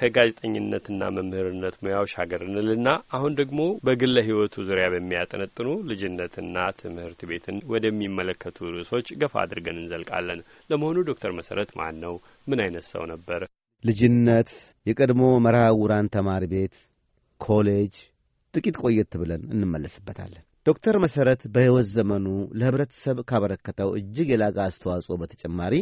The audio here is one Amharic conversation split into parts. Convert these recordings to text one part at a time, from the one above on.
ከጋዜጠኝነትና መምህርነት ሙያው ሻገር እንልና አሁን ደግሞ በግለ ሕይወቱ ዙሪያ በሚያጠነጥኑ ልጅነትና ትምህርት ቤትን ወደሚመለከቱ ርዕሶች ገፋ አድርገን እንዘልቃለን። ለመሆኑ ዶክተር መሰረት ማን ነው? ምን አይነት ሰው ነበር? ልጅነት፣ የቀድሞ መርሃ ውራን ተማሪ ቤት፣ ኮሌጅ፣ ጥቂት ቆየት ብለን እንመለስበታለን። ዶክተር መሰረት በሕይወት ዘመኑ ለህብረተሰብ ካበረከተው እጅግ የላቀ አስተዋጽኦ በተጨማሪ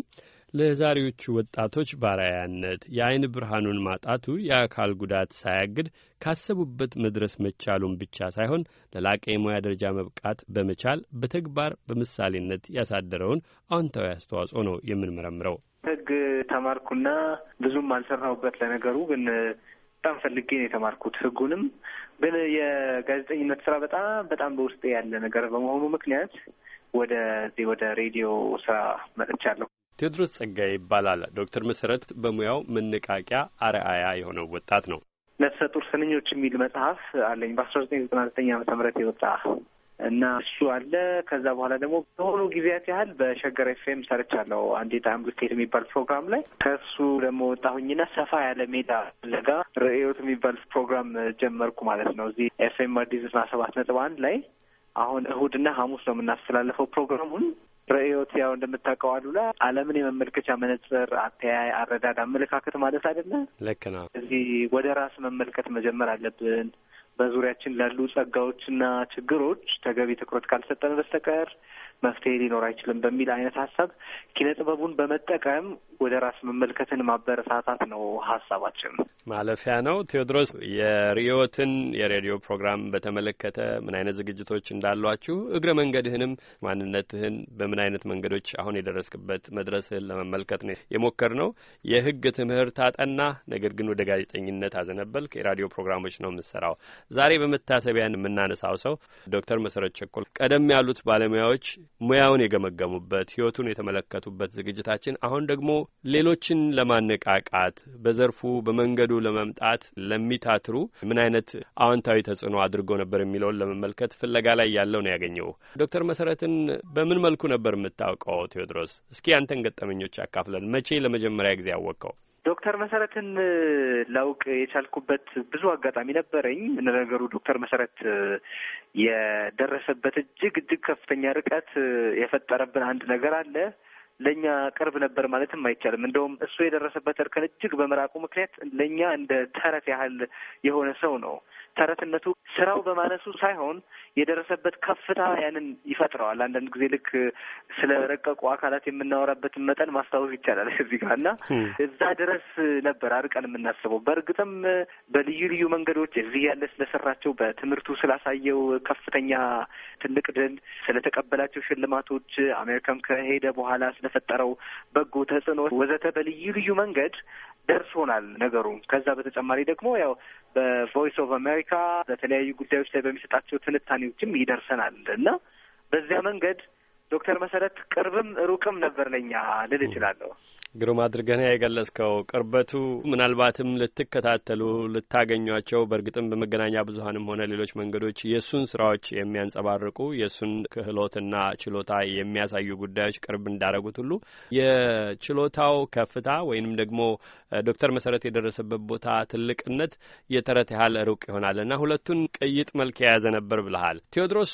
ለዛሬዎቹ ወጣቶች ባራያነት የአይን ብርሃኑን ማጣቱ የአካል ጉዳት ሳያግድ ካሰቡበት መድረስ መቻሉን ብቻ ሳይሆን ለላቀ የሙያ ደረጃ መብቃት በመቻል በተግባር በምሳሌነት ያሳደረውን አዎንታዊ አስተዋጽኦ ነው የምንመረምረው። ሕግ ተማርኩና ብዙም አልሰራሁበት ለነገሩ ግን በጣም ፈልጌ ነው የተማርኩት። ሕጉንም ግን የጋዜጠኝነት ስራ በጣም በጣም በውስጤ ያለ ነገር በመሆኑ ምክንያት ወደዚህ ወደ ሬዲዮ ስራ መጥቻለሁ። ቴዎድሮስ ጸጋይ ይባላል። ዶክተር መሰረት በሙያው መነቃቂያ አርአያ የሆነው ወጣት ነው። ነፍሰ ጡር ስንኞች የሚል መጽሐፍ አለኝ በአስራ ዘጠኝ ዘጠና ዘጠኝ ዓመተ ምህረት የወጣ እና እሱ አለ። ከዛ በኋላ ደግሞ በሆኑ ጊዜያት ያህል በሸገር ኤፍኤም ኤም ሰርቻለሁ አንድ የጣም ግኬት የሚባል ፕሮግራም ላይ ከሱ ደግሞ ወጣሁኝና ሰፋ ያለ ሜዳ ፍለጋ ርእዮት የሚባል ፕሮግራም ጀመርኩ ማለት ነው። እዚህ ኤፍኤም አዲስ ዘጠና ሰባት ነጥብ አንድ ላይ አሁን እሁድና ሐሙስ ነው የምናስተላለፈው ፕሮግራሙን ርዕዮት ያው እንደምታውቀው አሉላ ዓለምን የመመልከቻ መነጽር፣ አተያይ፣ አረዳድ፣ አመለካከት ማለት አይደለ? ልክ ነው። እዚህ ወደ ራስ መመልከት መጀመር አለብን። በዙሪያችን ላሉ ጸጋዎችና ችግሮች ተገቢ ትኩረት ካልሰጠን በስተቀር መፍትሄ ሊኖር አይችልም በሚል አይነት ሀሳብ ኪነ ጥበቡን በመጠቀም ወደ ራስ መመልከትን ማበረታታት ነው ሀሳባችን። ማለፊያ ነው። ቴዎድሮስ የሪዮትን የሬዲዮ ፕሮግራም በተመለከተ ምን አይነት ዝግጅቶች እንዳሏችሁ እግረ መንገድህንም ማንነትህን በምን አይነት መንገዶች አሁን የደረስክበት መድረስህን ለመመልከት ነው የሞከር ነው። የህግ ትምህርት አጠና፣ ነገር ግን ወደ ጋዜጠኝነት አዘነበልክ። የራዲዮ ፕሮግራሞች ነው የምሰራው። ዛሬ በመታሰቢያን የምናነሳው ሰው ዶክተር መሰረት ቸኮል ቀደም ያሉት ባለሙያዎች ሙያውን የገመገሙበት ህይወቱን የተመለከቱበት ዝግጅታችን አሁን ደግሞ ሌሎችን ለማነቃቃት በዘርፉ በመንገዱ ለመምጣት ለሚታትሩ ምን አይነት አዎንታዊ ተጽዕኖ አድርጎ ነበር የሚለውን ለመመልከት ፍለጋ ላይ ያለው ነው ያገኘው። ዶክተር መሰረትን በምን መልኩ ነበር የምታውቀው ቴዎድሮስ? እስኪ ያንተን ገጠመኞች ያካፍለን። መቼ ለመጀመሪያ ጊዜ አወቀው? ዶክተር መሰረትን ላውቅ የቻልኩበት ብዙ አጋጣሚ ነበረኝ። ነገሩ ዶክተር መሰረት የደረሰበት እጅግ እጅግ ከፍተኛ ርቀት የፈጠረብን አንድ ነገር አለ። ለእኛ ቅርብ ነበር ማለትም አይቻልም። እንደውም እሱ የደረሰበት እርከን እጅግ በመራቁ ምክንያት ለእኛ እንደ ተረት ያህል የሆነ ሰው ነው። ተረትነቱ ስራው በማነሱ ሳይሆን የደረሰበት ከፍታ ያንን ይፈጥረዋል። አንዳንድ ጊዜ ልክ ስለ ረቀቁ አካላት የምናወራበትን መጠን ማስታወስ ይቻላል እዚህ ጋር እና እዛ ድረስ ነበር አርቀን የምናስበው። በእርግጥም በልዩ ልዩ መንገዶች እዚህ ያለ ስለሰራቸው፣ በትምህርቱ ስላሳየው ከፍተኛ ትልቅ ድል፣ ስለተቀበላቸው ሽልማቶች፣ አሜሪካም ከሄደ በኋላ ስለፈጠረው በጎ ተጽዕኖ ወዘተ በልዩ ልዩ መንገድ ደርሶናል ነገሩ። ከዛ በተጨማሪ ደግሞ ያው በቮይስ ኦፍ አሜሪካ በተለያዩ ጉዳዮች ላይ በሚሰጣቸው ትንታኔዎችም ይደርሰናል እና በዚያ መንገድ ዶክተር መሰረት ቅርብም ሩቅም ነበር ለኛ ልል እችላለሁ። ግሩም አድርገን የገለጽከው ቅርበቱ ምናልባትም ልትከታተሉ ልታገኟቸው በእርግጥም በመገናኛ ብዙኃንም ሆነ ሌሎች መንገዶች የእሱን ስራዎች የሚያንጸባርቁ የእሱን ክህሎትና ችሎታ የሚያሳዩ ጉዳዮች ቅርብ እንዳረጉት ሁሉ የችሎታው ከፍታ ወይንም ደግሞ ዶክተር መሰረት የደረሰበት ቦታ ትልቅነት የተረት ያህል ሩቅ እና ሁለቱን ቅይጥ መልክ የያዘ ነበር ብልሃል። ቴዎድሮስ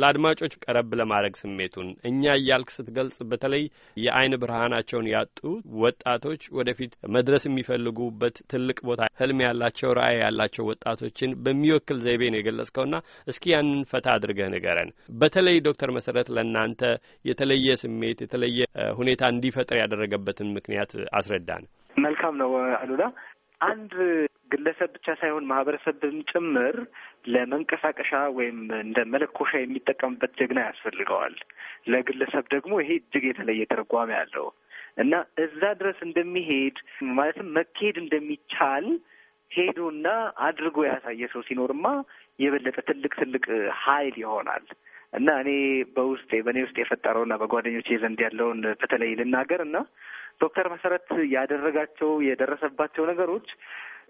ለአድማጮች ቀረብ ለማድረግ ስሜቱን እኛ እያልክ ስትገልጽ በተለይ የአይን ብርሃናቸውን ያጡ ወጣቶች ወደፊት መድረስ የሚፈልጉበት ትልቅ ቦታ ህልም ያላቸው ራዕይ ያላቸው ወጣቶችን በሚወክል ዘይቤ ነው የገለጽከውና እስኪ ያንን ፈታ አድርገህ ንገረን። በተለይ ዶክተር መሰረት ለእናንተ የተለየ ስሜት የተለየ ሁኔታ እንዲፈጥር ያደረገበትን ምክንያት አስረዳን። መልካም ነው አሉላ አንድ ግለሰብ ብቻ ሳይሆን ማህበረሰብም ጭምር ለመንቀሳቀሻ ወይም እንደ መለኮሻ የሚጠቀምበት ጀግና ያስፈልገዋል። ለግለሰብ ደግሞ ይሄ እጅግ የተለየ ትርጓሜ አለው። እና እዛ ድረስ እንደሚሄድ ማለትም መካሄድ እንደሚቻል ሄዶና አድርጎ ያሳየ ሰው ሲኖርማ የበለጠ ትልቅ ትልቅ ኃይል ይሆናል። እና እኔ በውስጤ በእኔ ውስጥ የፈጠረውና በጓደኞቼ ዘንድ ያለውን በተለይ ልናገር እና ዶክተር መሰረት ያደረጋቸው የደረሰባቸው ነገሮች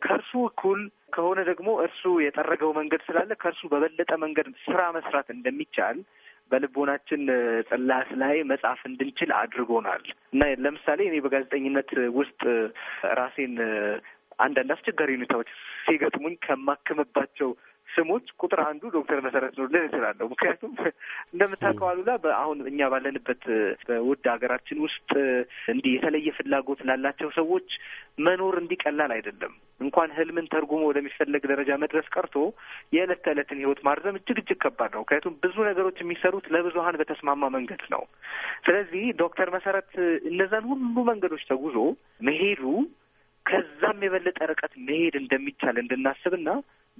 ከእርሱ እኩል ከሆነ ደግሞ እርሱ የጠረገው መንገድ ስላለ ከእርሱ በበለጠ መንገድ ስራ መስራት እንደሚቻል በልቦናችን ጽላት ላይ መጻፍ እንድንችል አድርጎናል እና ለምሳሌ እኔ በጋዜጠኝነት ውስጥ ራሴን አንዳንድ አስቸጋሪ ሁኔታዎች ሲገጥሙኝ ከማክምባቸው ስሞች ቁጥር አንዱ ዶክተር መሰረት ነው ልል እችላለሁ። ምክንያቱም እንደምታውቀው አሉላ አሁን እኛ ባለንበት በውድ ሀገራችን ውስጥ እንዲህ የተለየ ፍላጎት ላላቸው ሰዎች መኖር እንዲቀላል አይደለም። እንኳን ህልምን ተርጉሞ ወደሚፈለግ ደረጃ መድረስ ቀርቶ የዕለት ተዕለትን ህይወት ማርዘም እጅግ እጅግ ከባድ ነው። ምክንያቱም ብዙ ነገሮች የሚሰሩት ለብዙሀን በተስማማ መንገድ ነው። ስለዚህ ዶክተር መሰረት እነዛን ሁሉ መንገዶች ተጉዞ መሄዱ ከዛም የበለጠ ርቀት መሄድ እንደሚቻል እንድናስብና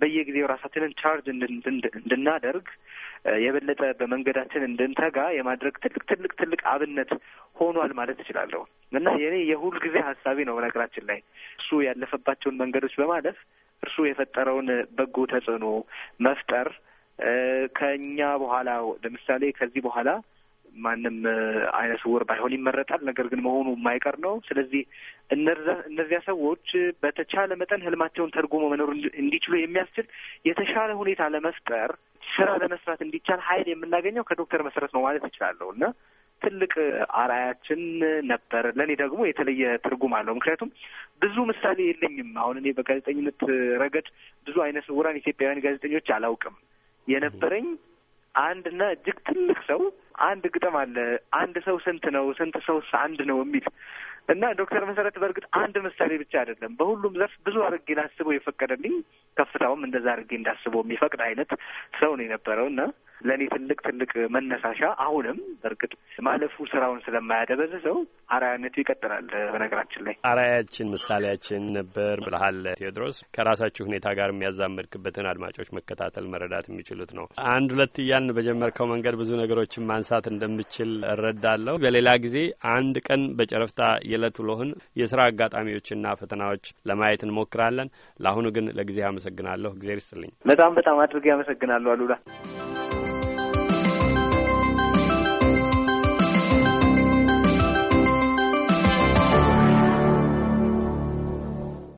በየጊዜው ራሳችንን ቻርጅ እንድናደርግ የበለጠ በመንገዳችን እንድንተጋ የማድረግ ትልቅ ትልቅ ትልቅ አብነት ሆኗል ማለት እችላለሁ እና የኔ የሁል ጊዜ ሀሳቤ ነው። በነገራችን ላይ እሱ ያለፈባቸውን መንገዶች በማለፍ እርሱ የፈጠረውን በጎ ተጽዕኖ መፍጠር ከእኛ በኋላ ለምሳሌ ከዚህ በኋላ ማንም አይነ ስውር ባይሆን ይመረጣል። ነገር ግን መሆኑ የማይቀር ነው። ስለዚህ እነዚያ ሰዎች በተቻለ መጠን ህልማቸውን ተርጉሞ መኖር እንዲችሉ የሚያስችል የተሻለ ሁኔታ ለመፍጠር ስራ ለመስራት እንዲቻል ኃይል የምናገኘው ከዶክተር መሰረት ነው ማለት እችላለሁ እና ትልቅ አራያችን ነበር። ለእኔ ደግሞ የተለየ ትርጉም አለው። ምክንያቱም ብዙ ምሳሌ የለኝም። አሁን እኔ በጋዜጠኝነት ረገድ ብዙ አይነ ስውራን ኢትዮጵያውያን ጋዜጠኞች አላውቅም። የነበረኝ አንድና እጅግ ትልቅ ሰው አንድ ግጥም አለ። አንድ ሰው ስንት ነው? ስንት ሰውስ አንድ ነው የሚል እና ዶክተር መሰረት በእርግጥ አንድ ምሳሌ ብቻ አይደለም። በሁሉም ዘርፍ ብዙ አድርጌ ላስበው የፈቀደልኝ ከፍታውም እንደዛ አድርጌ እንዳስበው የሚፈቅድ አይነት ሰው ነው የነበረው እና ለእኔ ትልቅ ትልቅ መነሳሻ አሁንም በእርግጥ ማለፉ ስራውን ስለማያደበዝዘው አርአያነቱ ይቀጥላል። በነገራችን ላይ አርአያችን ምሳሌያችን ነበር ብልሃል ቴዎድሮስ። ከራሳችሁ ሁኔታ ጋር የሚያዛመድክበትን አድማጮች መከታተል መረዳት የሚችሉት ነው። አንድ ሁለት እያልን በጀመርከው መንገድ ብዙ ነገሮችን ማንሳት እንደምችል እረዳለሁ። በሌላ ጊዜ አንድ ቀን በጨረፍታ የዕለት ውሎህን የስራ አጋጣሚዎችና ፈተናዎች ለማየት እንሞክራለን። ለአሁኑ ግን ለጊዜ አመሰግናለሁ። እግዜር ይስጥልኝ። በጣም በጣም አድርጌ አመሰግናለሁ አሉላ።